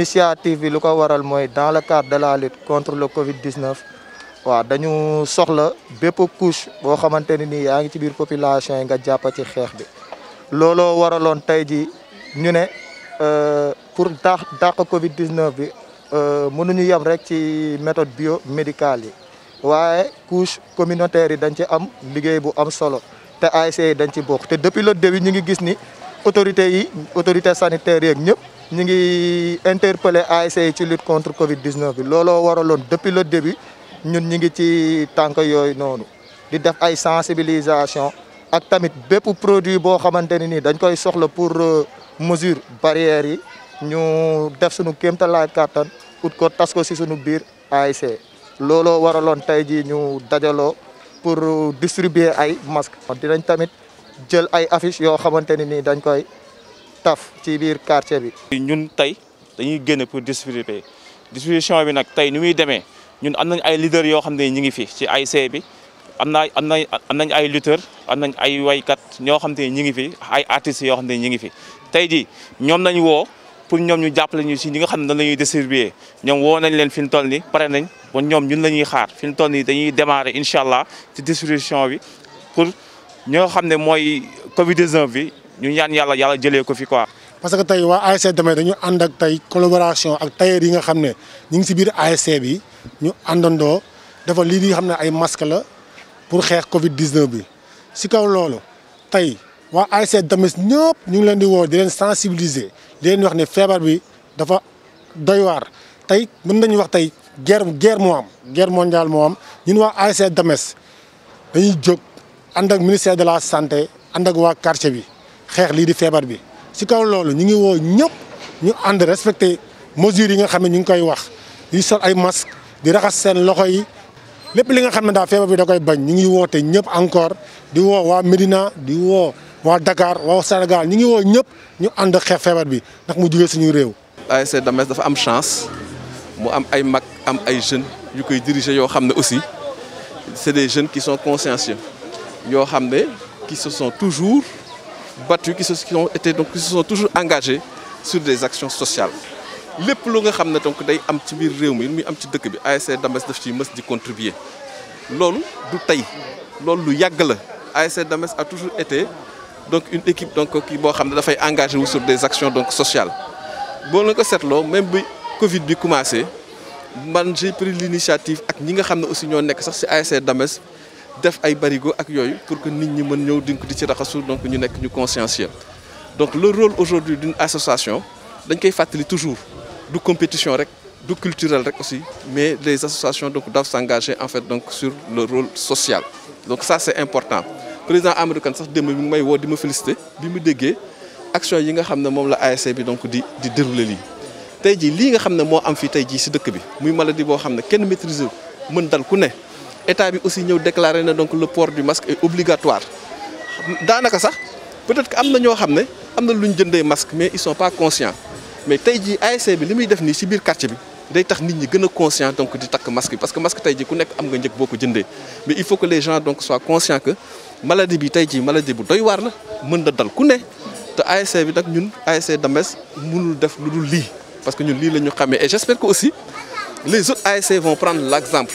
initiative bi lu ko waral mooy dans le cadre de la lutte contre le Covid-19 waaw dañu soxla bépp couche boo xamante ne nii yaa ngi ci biir population yi nga jàppa ci xeex bi looloo waraloon tey ji ñu ne euh, pour dàq dàq Covid-19 bi euh, mënuñu yem rek ci méthode biomédicale yi waaye couche communautaire yi dañ ci am liggéey bu am solo te ASC yi dañ ci bokk te depuis le début ñu ngi gis ni autorités yi autorités sanitaires yeeg ñëpp ñu ngi interpeller ASC ci lutte contre Covid 19 bi looloo depuis le début ñun ñi ngi ci tànk yoy nonu di def ay sensibilisation ak tamit bépp produit bo xamanteni ni dañ koy soxla pour euh, mesure barrière yi ñu def suñu kéemtalaay carton ut ko tas ko ci suñu bir ASC lolo waralon tay ji ñu dajaloo pour euh, distribuer ay masques dinañ tamit. jël ay affiches yoo xamante ne nii dañ koy taf ci biir quartier bi. ñun tey dañuy génn pour distribuer distribution bi nag tey ni muy demee ñun am nañ ay leaders yoo xam ne ñu ngi fi ci ASC bi am na am nañ am nañ ay lutteurs am nañ ay waykat ñoo xam ne ñu ngi fi ay artistes yoo xam ne ñu ngi fi tey ji ñoom nañ woo. pour ñoom ñu jàppale ñu si ñi nga xam ne nan la ñuy ñoom woo nañ leen fi ñu toll nii pare nañ bon ñoom ñun la xaar fi ñu toll nii dañuy démarrer incha allah ci distribution bi ñoo xam ne mooy Covid 19 bi ñu ñaan yàlla yàlla jëlee ko fi quoi. parce que tey waa ASC Damel dañu ànd ak tey collaboration ak tailleur yi nga xam ne ñu ngi si biir ASC bi ñu àndandoo dafa lii di xam ne ay masque la pour xeex Covid 19 bi si kaw loolu tey waa ASC Damel ñëpp ñu ngi leen di woo di leen sensibiliser di leen wax ne feebar bi dafa doy waar tey mën nañu wax tey guerre guerre moo am guerre mondiale moo am ñun waa ASC Damel dañuy ànd ak ministère de la santé ànd ak waa quartier bi xeex lii di feebar bi si kaw loolu ñu ngi woo ñëpp ñu ànd respecté mesures yi nga xam ne ñu ngi koy wax di sol ay masque di raxas seen loxo yi lépp li nga xam ne daal feebar bi da koy bañ ñu ngi woote ñëpp encore di woo waa Médina di woo waa Dakar waa Sénégal ñu ngi woo ñëpp ñu ànd xeex feebar bi ndax mu jugee suñu réew. ASC Damels dafa am chance mu am ay mag am ay jeunes yu koy diriger yoo xam ne aussi c'est des jeunes qui sont consciencieux. yoo xam qui se sont toujours battus qui se sont été donc qui se sont toujours engagés sur des actions sociales les lu nga xam donc day am ci biir réew mi am ci dëkk bi ASC Damels daf di contribuer loolu du tey loolu lu yàgg la ASC Damels a toujours été donc une équipe donc qui boo xam ne engagé wu sur des actions donc sociales bon la ko seetloo même bi Covid bi commencé man j'ai pris l'initiative ak ñi nga aussi ñoo nekk sax ci ASC def ay barigo ak yooyu pour que nit ñi mën ñëw di di ci raxasu donc ñu nekk ñu conscientiel donc le rôle aujourd'hui d'une association dañ koy fàttali toujours du compétition rek du culturel rek aussi mais les associations donc doivent s'engager en fait donc sur le rôle social donc ça c'est important président Amadou Kane sax dem mi may woo di ma féliciter bi mu déggee action yi nga xam ne moom la ASC bi donc di di dérouler lii tey jii lii nga xam ne moo am fii tey jii si dëkk bi muy maladie boo xam ne kenn maîtriser mën dal ku ne état bi aussi ñëw déclaré na donc le port du masque est obligatoire daanaka sax peut-être que y a des gens qui am masque mais ils ne sont pas conscients mais aujourd'hui, jii ASC bi fait muy def nii ci biir quartier bi day tax nit ñi gën conscient donc di masque parce que masque aujourd'hui, il ku nekk am nga njëg mais il faut que les gens donc soient conscients que maladie bi maladie bu doy waar la mën na dal ku ne te ASC bi nous, ñun ASC ne mënul def faire dul parce que nous lii la ñu et j'espère que aussi les autres ASC vont prendre l'exemple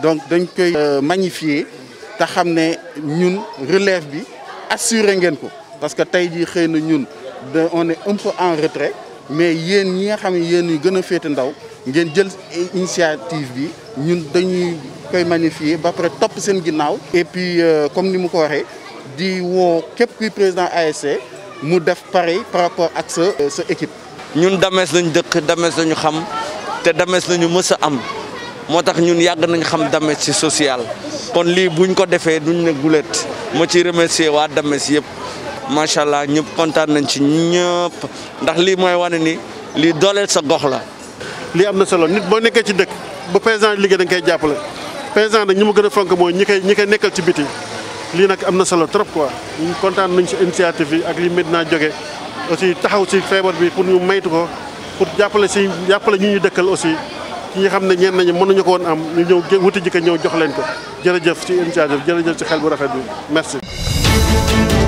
donc dañ koy euh, magnifier Ta xam ne ñun relève bi assuré ngeen ko parce que tey jii xëy na ñun on est un peu en retrait mais yéen ñi nga xam ne yéen ñu gën a ndaw ngeen jël initiative bi ñun dañuy koy magnifier ba top topp seen et puis euh, comme ni mu ko waxee di wo képp kuy président ASC mu def pareil par rapport ak sa sa équipe. ñun damess lañu dëkk damess lañu xam te damess lañu mës am. moo tax ñun yàgg nañ xam Dames ci social kon lii buñ ko defee duñ ne gulet moo ci remercier waa Dames yëpp macha allah ñëpp kontaan nañ ci ñëpp ndax lii mooy wane ni lii dooleel sa gox la. lii am na solo nit boo nekkee ci dëkk bu président liggéey da nga koy jàppale président nag ñu ma gën a fonk mooy ñi koy ñi koy nekkal ci biti lii nag am na solo trop quoi ñu kontaan nañ si initiative yi ak li Medina jóge aussi taxaw ci feebar bi pour ñu maytu ko pour jàppale si jàppale ñi ñu dëkkal aussi. ki nga xam ne ñenn nañu mënuñu ko woon am ñu ñëw wuti jikko ñëw jox leen ko jërëjëf ci initiative jërëjëf ci xel bu rafet bi merci